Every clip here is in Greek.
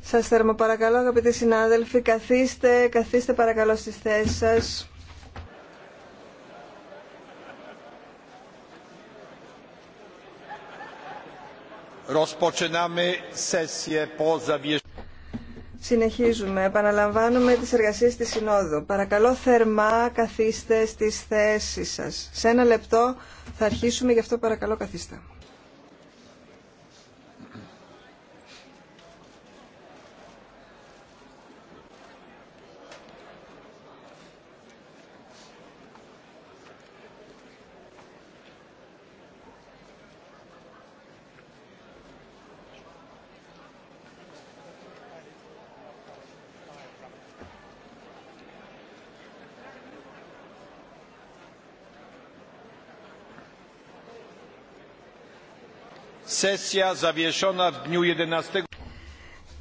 Σας θερμοπαρακαλώ αγαπητοί συνάδελφοι, καθίστε, καθίστε παρακαλώ στις θέσεις σας. Συνεχίζουμε, επαναλαμβάνουμε τις εργασίες της Συνόδου. Παρακαλώ θερμά καθίστε στις θέσεις σας. Σε ένα λεπτό θα αρχίσουμε, γι' αυτό παρακαλώ καθίστε.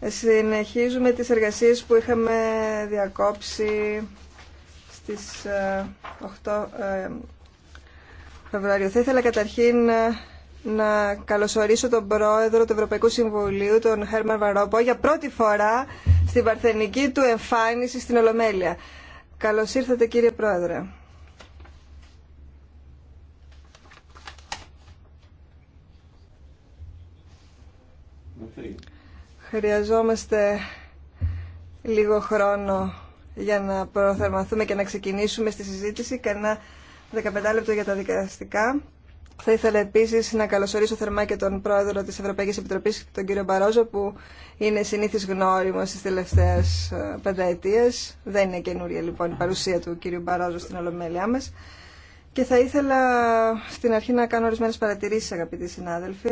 Συνεχίζουμε τις εργασίες που είχαμε διακόψει στις 8 ε, ε, Φεβρουαρίου. Θα ήθελα καταρχήν ε, να καλωσορίσω τον πρόεδρο του Ευρωπαϊκού Συμβουλίου, τον Χέρμαν Βαρόπο, για πρώτη φορά στην παρθενική του εμφάνιση στην Ολομέλεια. Καλώς ήρθατε κύριε πρόεδρε. Χρειαζόμαστε λίγο χρόνο για να προθερμαθούμε και να ξεκινήσουμε στη συζήτηση. Κανένα 15 λεπτό για τα δικαστικά. Θα ήθελα επίση να καλωσορίσω θερμά και τον πρόεδρο τη Ευρωπαϊκή Επιτροπή, τον κύριο Μπαρόζο, που είναι συνήθι γνώριμο στι τελευταίε ε, πενταετία. Δεν είναι καινούρια λοιπόν η παρουσία του κύριου Μπαρόζο στην ολομέλειά μα. Και θα ήθελα στην αρχή να κάνω ορισμένε παρατηρήσει, αγαπητοί συνάδελφοι.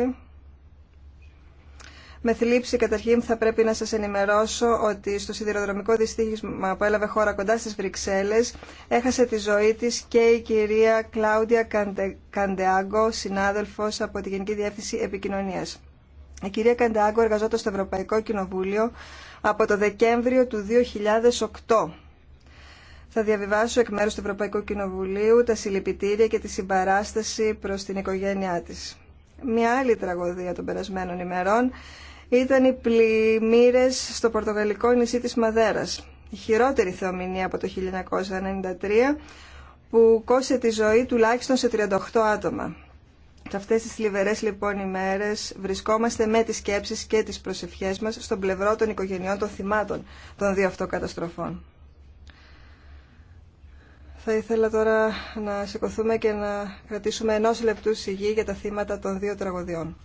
Με θλίψη καταρχήν θα πρέπει να σας ενημερώσω ότι στο σιδηροδρομικό δυστύχημα που έλαβε χώρα κοντά στις Βρυξέλλες έχασε τη ζωή της και η κυρία Κλάουδια Καντεάγκο, συνάδελφος από τη Γενική Διεύθυνση Επικοινωνίας. Η κυρία Καντεάγκο εργαζόταν στο Ευρωπαϊκό Κοινοβούλιο από το Δεκέμβριο του 2008. Θα διαβιβάσω εκ μέρους του Ευρωπαϊκού Κοινοβουλίου τα συλληπιτήρια και τη συμπαράσταση προς την οικογένειά της. Μια άλλη τραγωδία των περασμένων ημερών ήταν οι πλημμύρες στο πορτογαλικό νησί της Μαδέρας. Η χειρότερη θεομηνία από το 1993 που κόσε τη ζωή τουλάχιστον σε 38 άτομα. Σε αυτές τις θλιβερές λοιπόν ημέρες βρισκόμαστε με τις σκέψεις και τις προσευχές μας στον πλευρό των οικογενειών των θυμάτων των δύο αυτοκαταστροφών. Θα ήθελα τώρα να σηκωθούμε και να κρατήσουμε ενός λεπτού σιγή για τα θύματα των δύο τραγωδιών.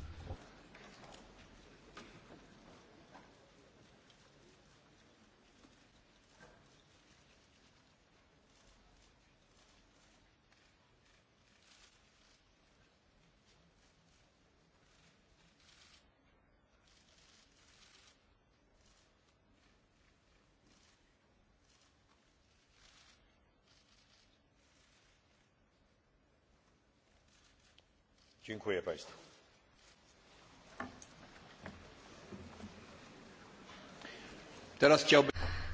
Dziękuję Państwu.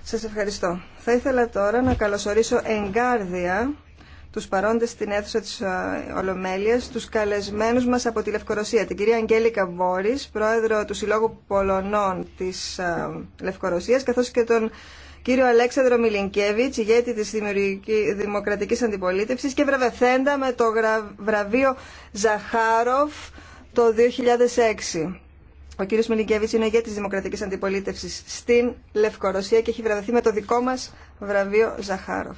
Σας ευχαριστώ. Θα ήθελα τώρα να καλωσορίσω εγκάρδια τους παρόντες στην αίθουσα της Ολομέλειας, τους καλεσμένους μας από τη Λευκορωσία, την κυρία Αγγέλικα Βόρης, πρόεδρο του Συλλόγου Πολωνών της Λευκορωσίας, καθώς και τον κύριο Αλέξανδρο Μιλινκέβιτς, ηγέτη της Δημοκρατικής Αντιπολίτευσης και βραβευθέντα με το βραβείο Ζαχάροφ το 2006. Ο κύριος Μιλινκέβιτς είναι ηγέτης Δημοκρατικής Αντιπολίτευσης στην Λευκορωσία και έχει βραβευθεί με το δικό μας βραβείο Ζαχάροφ.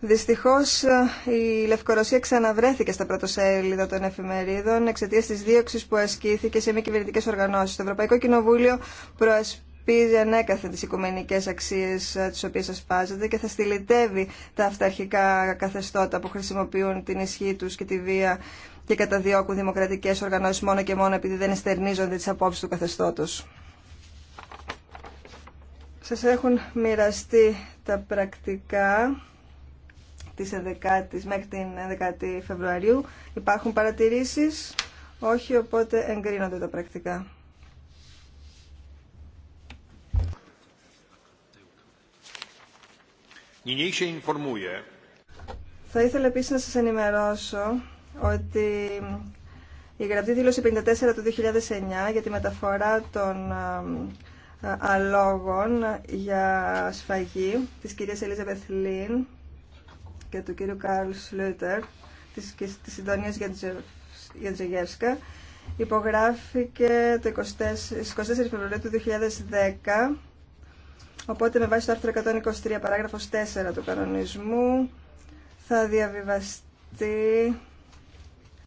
Δυστυχώ, ε, η Λευκορωσία ξαναβρέθηκε στα πρωτοσέλιδα των εφημερίδων εξαιτία τη δίωξη που ασκήθηκε σε μη κυβερνητικέ οργανώσει. Το Ευρωπαϊκό Κοινοβούλιο προασπίζει ανέκαθεν τι οικουμενικέ αξίε τις ε, οποίε ασπάζεται και θα στυλιτεύει τα αυταρχικά καθεστώτα που χρησιμοποιούν την ισχύ του και τη βία και καταδιώκουν δημοκρατικέ οργανώσει μόνο και μόνο επειδή δεν εστερνίζονται τι απόψει του καθεστώτο. Σα έχουν μοιραστεί τα πρακτικά της 11 μέχρι την 11η Φεβρουαρίου. Υπάρχουν παρατηρήσεις. Όχι, οπότε εγκρίνονται τα πρακτικά. Θα ήθελα επίσης να σας ενημερώσω ότι η γραπτή δήλωση 54 του 2009 για τη μεταφορά των αλόγων για σφαγή της κυρίας Ελίζα Μεθλίν και του κύριου Κάρλ Σλούτερ της, της Συντονίας Τζεγεύσκα υπογράφηκε το 24, 24 Φεβρουαρίου του 2010 οπότε με βάση το άρθρο 123 παράγραφος 4 του κανονισμού θα διαβιβαστεί